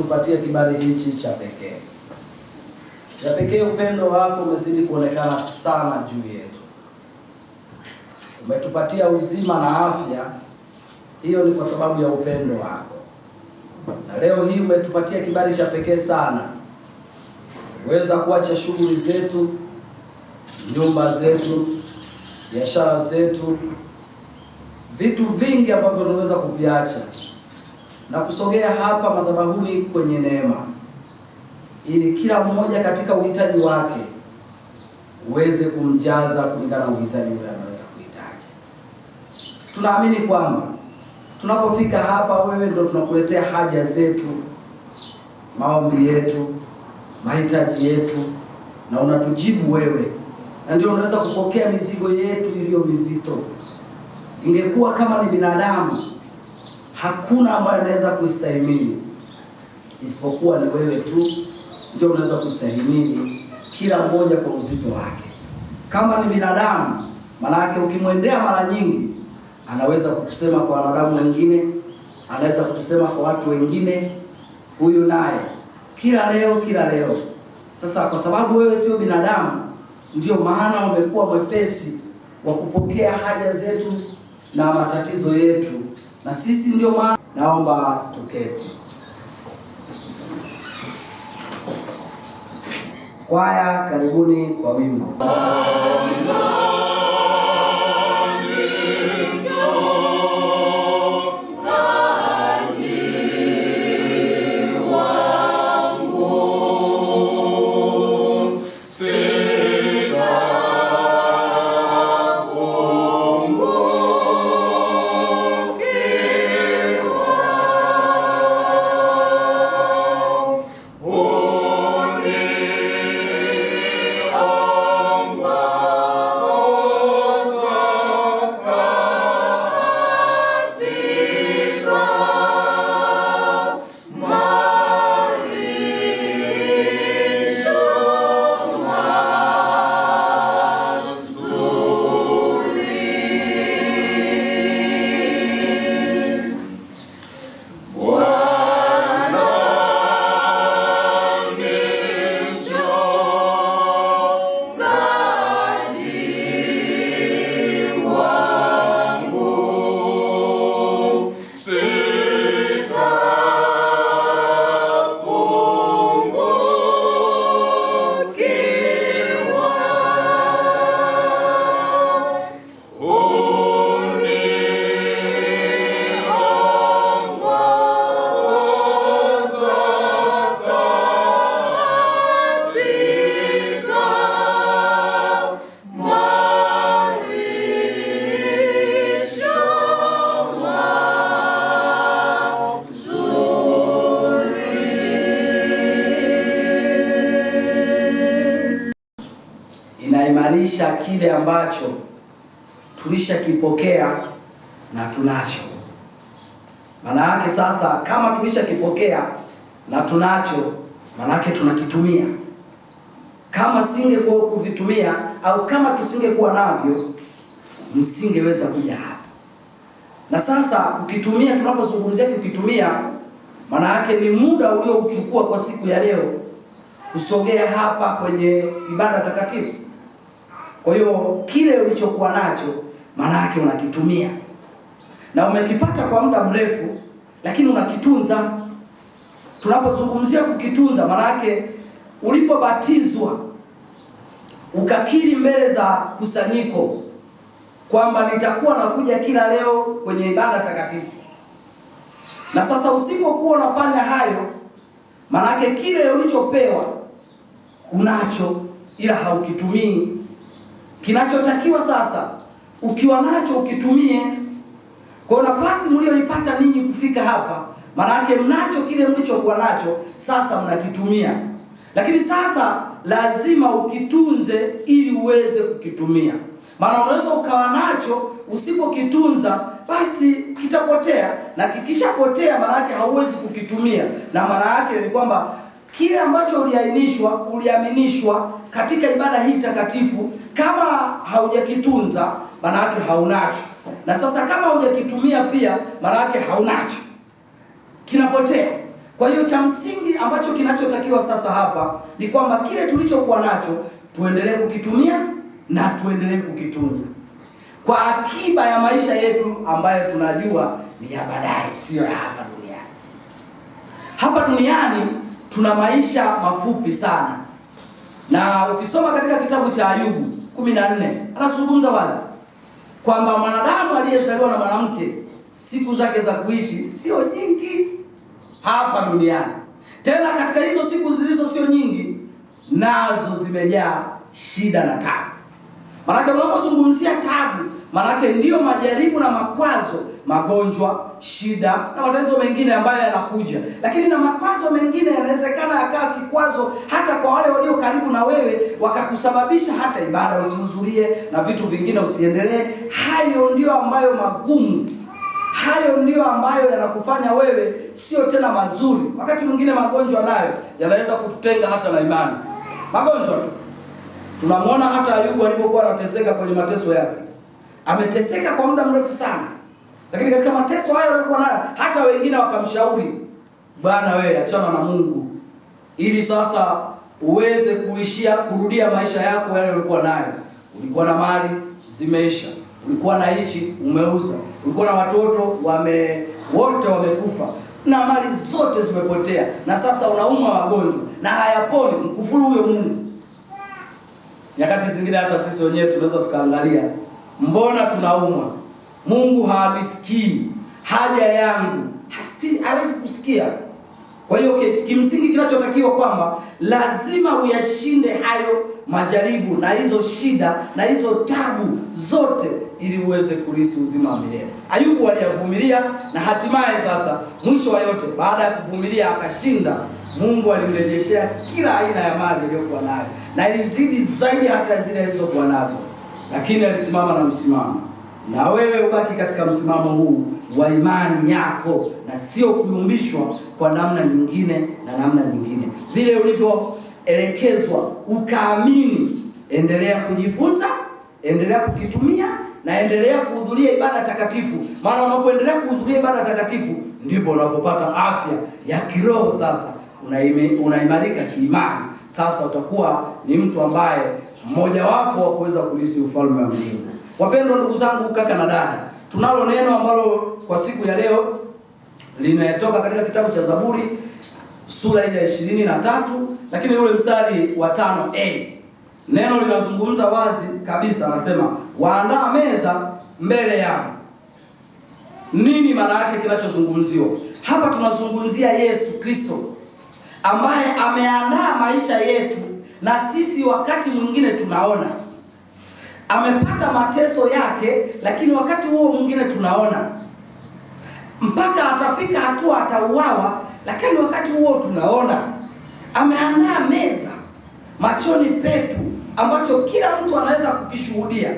kutupatia kibali hichi cha pekee. Cha pekee, upendo wako umezidi kuonekana sana juu yetu, umetupatia uzima na afya. Hiyo ni kwa sababu ya upendo wako, na leo hii umetupatia kibali cha pekee sana uweza kuacha shughuli zetu, nyumba zetu, biashara zetu, vitu vingi ambavyo tunaweza kuviacha na kusogea hapa madhabahuni kwenye neema, ili kila mmoja katika uhitaji wake uweze kumjaza kulingana na uhitaji ule anaweza kuhitaji. Tunaamini kwamba tunapofika hapa, wewe ndio tunakuletea haja zetu, maombi yetu, mahitaji yetu, na unatujibu wewe, na ndio unaweza kupokea mizigo yetu iliyo mizito. Ingekuwa kama ni binadamu hakuna ambaye anaweza kustahimili isipokuwa ni wewe tu ndio unaweza kustahimili kila mmoja kwa uzito wake. Kama ni binadamu, maanake ukimwendea mara nyingi, anaweza kukusema kwa wanadamu wengine, anaweza kukusema kwa watu wengine, huyu naye kila leo kila leo. Sasa kwa sababu wewe sio binadamu, ndio maana umekuwa mwepesi wa kupokea haja zetu na matatizo yetu na sisi ndio maana naomba tuketi. Kwaya, karibuni kwa wimbo kile ambacho tulishakipokea na tunacho. Maana yake sasa, kama tulishakipokea na tunacho, maana yake tunakitumia. Kama singekuwa kuvitumia au kama tusingekuwa navyo, msingeweza kuja hapa. Na sasa kukitumia, tunapozungumzia kukitumia, maana yake ni muda uliouchukua kwa siku ya leo kusogea hapa kwenye ibada takatifu kwa hiyo kile ulichokuwa nacho maana yake unakitumia na umekipata kwa muda mrefu, lakini unakitunza. Tunapozungumzia kukitunza, maana yake ulipobatizwa ukakiri mbele za kusanyiko kwamba nitakuwa nakuja kila leo kwenye ibada takatifu, na sasa usipokuwa unafanya hayo, yake kile ulichopewa unacho, ila haukitumii Kinachotakiwa sasa ukiwa nacho ukitumie. Kwa nafasi mlioipata ninyi kufika hapa, yake mnacho kile mlichokuwa nacho, sasa mnakitumia. Lakini sasa lazima ukitunze ili uweze kukitumia, maana unaweza ukawa nacho, usipokitunza basi kitapotea, na kikishapotea yake hauwezi kukitumia, na maana yake ni kwamba kile ambacho uliainishwa, uliaminishwa katika ibada hii takatifu, kama haujakitunza maana haunacho, na sasa kama haujakitumia pia maana haunacho, kinapotea. Kwa hiyo cha msingi ambacho kinachotakiwa sasa hapa ni kwamba kile tulichokuwa nacho tuendelee kukitumia na tuendelee kukitunza kwa akiba ya maisha yetu ambayo tunajua ni ya baadaye, siyo ya hapa duniani. Hapa duniani tuna maisha mafupi sana, na ukisoma katika kitabu cha Ayubu 14 anazungumza wazi kwamba mwanadamu aliyezaliwa na mwanamke siku zake za kuishi sio nyingi hapa duniani, tena katika hizo siku zilizo sio nyingi, nazo zimejaa shida na tabu. Maanake unapozungumzia tabu, maanake ndiyo majaribu na makwazo magonjwa, shida na matatizo mengine ambayo yanakuja, lakini na makwazo mengine yanawezekana yakawa kikwazo hata kwa wale walio karibu na wewe, wakakusababisha hata ibada usihudhurie na vitu vingine usiendelee. Hayo ndiyo ambayo magumu hayo ndiyo ambayo yanakufanya wewe sio tena mazuri. Wakati mwingine magonjwa nayo yanaweza kututenga hata na imani. Magonjwa tu tunamwona hata Ayubu alipokuwa anateseka kwenye mateso yake, ameteseka kwa muda mrefu sana. Lakini katika mateso hayo alikuwa nayo, hata wengine wakamshauri, bwana, wewe achana na Mungu ili sasa uweze kuishia kurudia maisha yako yale ulikuwa nayo. Ulikuwa na mali zimeisha, ulikuwa na hichi umeuza, ulikuwa na watoto wame wote wamekufa na mali zote zimepotea, na sasa unauma magonjwa na hayaponi. Mkufuru huyo Mungu. Nyakati zingine hata sisi wenyewe tunaweza tukaangalia, mbona tunaumwa Mungu hanisikii haja yangu, hawezi kusikia. Kwa hiyo kimsingi kinachotakiwa kwamba lazima uyashinde hayo majaribu na hizo shida na hizo tabu zote, ili uweze kurithi uzima wa milele. Ayubu aliyavumilia na hatimaye sasa, mwisho wa yote, baada ya kuvumilia akashinda, Mungu alimrejeshea kila aina ya mali aliyokuwa nayo na ilizidi zaidi hata zile alizokuwa nazo, lakini alisimama na msimamo na wewe ubaki katika msimamo huu wa imani yako, na sio kuyumbishwa kwa namna nyingine na namna nyingine. Vile ulivyoelekezwa ukaamini, endelea kujifunza, endelea kukitumia na endelea kuhudhuria ibada takatifu, maana unapoendelea kuhudhuria ibada takatifu ndipo unapopata afya ya kiroho. Sasa unaimarika kiimani, sasa utakuwa ni mtu ambaye mmojawapo wa kuweza kulisi ufalme wa mbinguni. Wapendwa ndugu zangu, kaka na dada, tunalo neno ambalo kwa siku ya leo linatoka katika kitabu cha Zaburi sura ile ya ishirini na tatu lakini ule mstari wa tano a neno linazungumza wazi kabisa, anasema waandaa meza mbele yao. Nini maana yake? Kinachozungumziwa hapa, tunazungumzia Yesu Kristo ambaye ameandaa maisha yetu, na sisi wakati mwingine tunaona amepata mateso yake, lakini wakati huo mwingine tunaona mpaka atafika hatua atauawa, lakini wakati huo tunaona ameandaa meza machoni petu, ambacho kila mtu anaweza kukishuhudia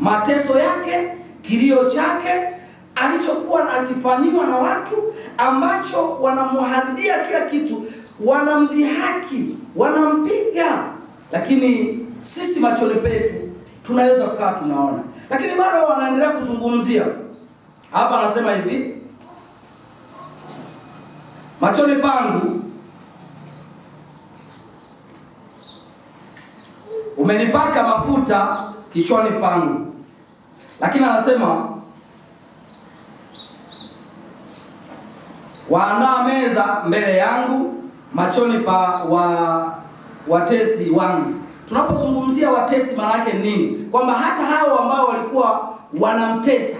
mateso yake, kilio chake, alichokuwa akifanyiwa na watu, ambacho wanamharibia kila kitu, wanamdhihaki, wanampiga, lakini sisi machoni petu tunaweza kukaa tunaona, lakini bado wanaendelea kuzungumzia hapa. Anasema hivi, machoni pangu umenipaka mafuta kichwani pangu, lakini anasema waandaa meza mbele yangu machoni pa wa watesi wangu Tunapozungumzia watesi, maana yake nini? Kwamba hata hao ambao walikuwa wanamtesa,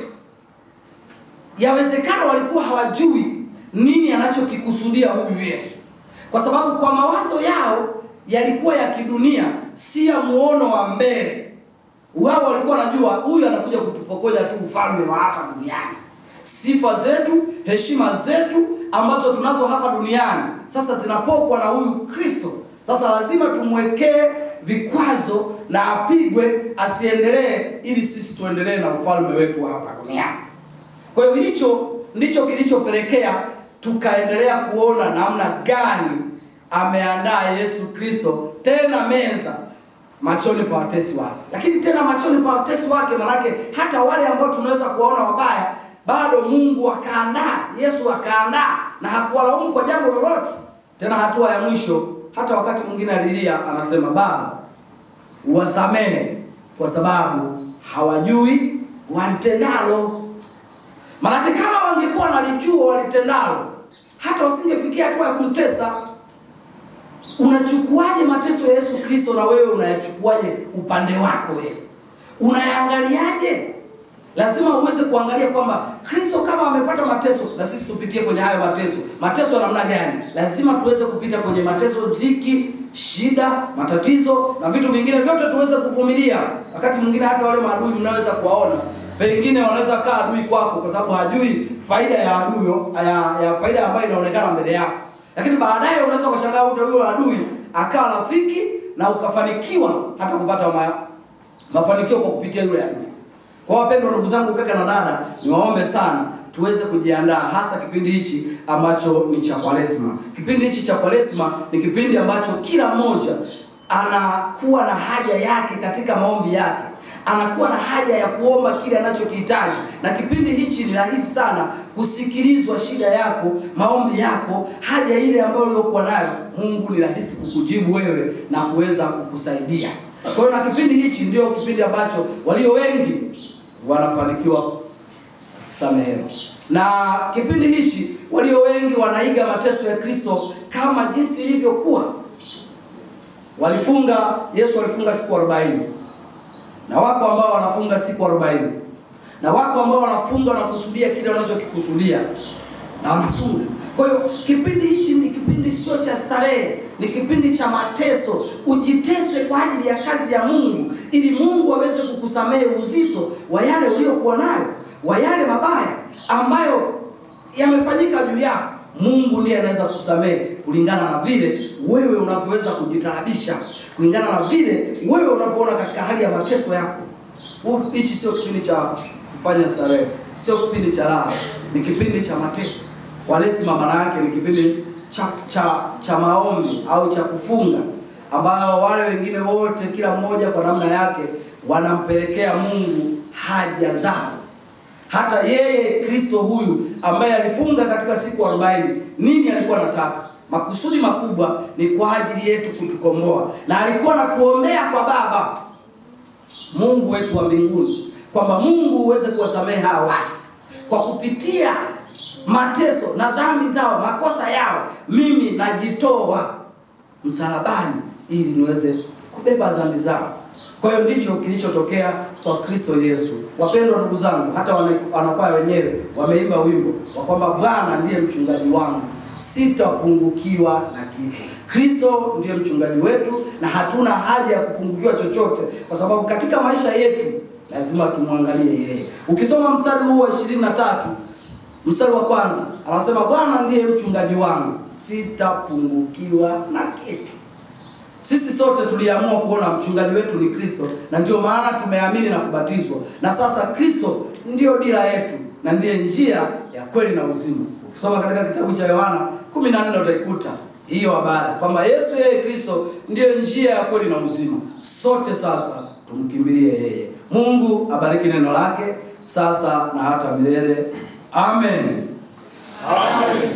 yawezekana walikuwa hawajui nini anachokikusudia huyu Yesu, kwa sababu kwa mawazo yao yalikuwa ya kidunia, si ya muono wa mbele. Wao walikuwa wanajua huyu anakuja kutupokonya tu ufalme wa hapa duniani, sifa zetu, heshima zetu ambazo tunazo hapa duniani sasa zinapokwa na huyu Kristo sasa lazima tumwekee vikwazo na apigwe asiendelee, ili sisi tuendelee na ufalme wetu hapa duniani. Kwa hiyo hicho ndicho kilichopelekea tukaendelea kuona namna gani ameandaa Yesu Kristo tena meza machoni pa watesi wake, lakini tena machoni pa watesi wake, manake hata wale ambao tunaweza kuwaona wabaya bado Mungu akaandaa, Yesu akaandaa na hakuwalaumu kwa jambo lolote. Tena hatua ya mwisho hata wakati mwingine alilia, anasema Baba wasamehe kwa sababu hawajui walitendalo. Maanake kama wangekuwa nalijua walitendalo, hata wasingefikia hatua ya kumtesa. Unachukuaje mateso ya Yesu Kristo na wewe unayachukuaje upande wako? Wewe unayaangaliaje? Lazima uweze kuangalia kwamba Kristo kama amepata mateso, na sisi tupitie kwenye hayo mateso. Mateso namna gani? Lazima tuweze kupita kwenye mateso, ziki, shida, matatizo na vitu vingine vyote tuweze kuvumilia. Wakati mwingine hata wale maadui mnaweza kuwaona, pengine wanaweza kaa adui kwako, kwa sababu hajui faida ya adui ya, ya faida ambayo inaonekana mbele yako, lakini baadaye unaweza kushangaa mtu huyo adui akawa rafiki na ukafanikiwa hata kupata ma, mafanikio kwa kupitia yule adui. Kwa wapendwa ndugu zangu, kaka na dada, niwaombe sana tuweze kujiandaa, hasa kipindi hichi ambacho ni cha Kwaresma. Kipindi hichi cha Kwaresma ni kipindi ambacho kila mmoja anakuwa na haja yake katika maombi yake, anakuwa na haja ya kuomba kile anachokihitaji, na kipindi hichi ni rahisi sana kusikilizwa shida yako, maombi yako, haja ile ambayo uliokuwa nayo. Mungu ni rahisi kukujibu wewe na kuweza kukusaidia. Kwa hiyo na kipindi hichi ndio kipindi ambacho walio wengi wanafanikiwa samehewa. Na kipindi hichi walio wengi wanaiga mateso ya Kristo kama jinsi ilivyokuwa. Walifunga, Yesu alifunga siku 40. Na wako ambao wanafunga siku 40. Na wako ambao wanafunga na kusudia kile wanachokikusudia. Na wanafunga kwa hiyo kipindi hichi ni kipindi sio cha starehe, ni kipindi cha mateso. Ujiteswe kwa ajili ya kazi ya Mungu, ili Mungu aweze kukusamehe uzito wa yale uliyokuwa nayo, wa yale mabaya ambayo yamefanyika juu yako. Mungu ndiye anaweza kusamehe kulingana na vile wewe unavyoweza kujitarabisha, kulingana na vile wewe unavyoona katika hali ya mateso yako. Hichi sio kipindi cha kufanya starehe, sio kipindi cha raha, ni kipindi cha mateso. Kwaresima maana yake ni kipindi cha, cha, cha maombi au cha kufunga, ambayo wale wengine wote kila mmoja kwa namna yake wanampelekea Mungu haja zao. Hata yeye Kristo huyu ambaye alifunga katika siku 40 nini alikuwa anataka? Makusudi makubwa ni kwa ajili yetu kutukomboa, na alikuwa anatuombea kwa Baba Mungu wetu wa mbinguni kwamba Mungu uweze kuwasamehe hawa watu kwa kupitia mateso na dhambi zao, makosa yao, mimi najitoa msalabani ili niweze kubeba dhambi zao. Kwa hiyo ndicho kilichotokea kwa Kristo Yesu. Wapendwa ndugu zangu, hata wanakwaya wenyewe wameimba wimbo wa kwamba Bwana ndiye mchungaji wangu, sitapungukiwa na kitu. Kristo ndiye mchungaji wetu na hatuna haja ya kupungukiwa chochote, kwa sababu katika maisha yetu lazima tumwangalie yeye. Ukisoma mstari huu wa ishirini na tatu Mstari wa kwanza anasema Bwana ndiye mchungaji wangu, sitapungukiwa na kitu. Sisi sote tuliamua kuona mchungaji wetu ni Kristo, na ndio maana tumeamini na kubatizwa, na sasa Kristo ndiyo dira yetu na ndiye njia ya kweli na uzima. Ukisoma katika kitabu cha Yohana 14 utaikuta hiyo habari kwamba Yesu yeye Kristo ndiyo njia ya kweli na uzima. Sote sasa tumkimbilie yeye. Mungu abariki neno lake sasa na hata milele. Amen. Amen.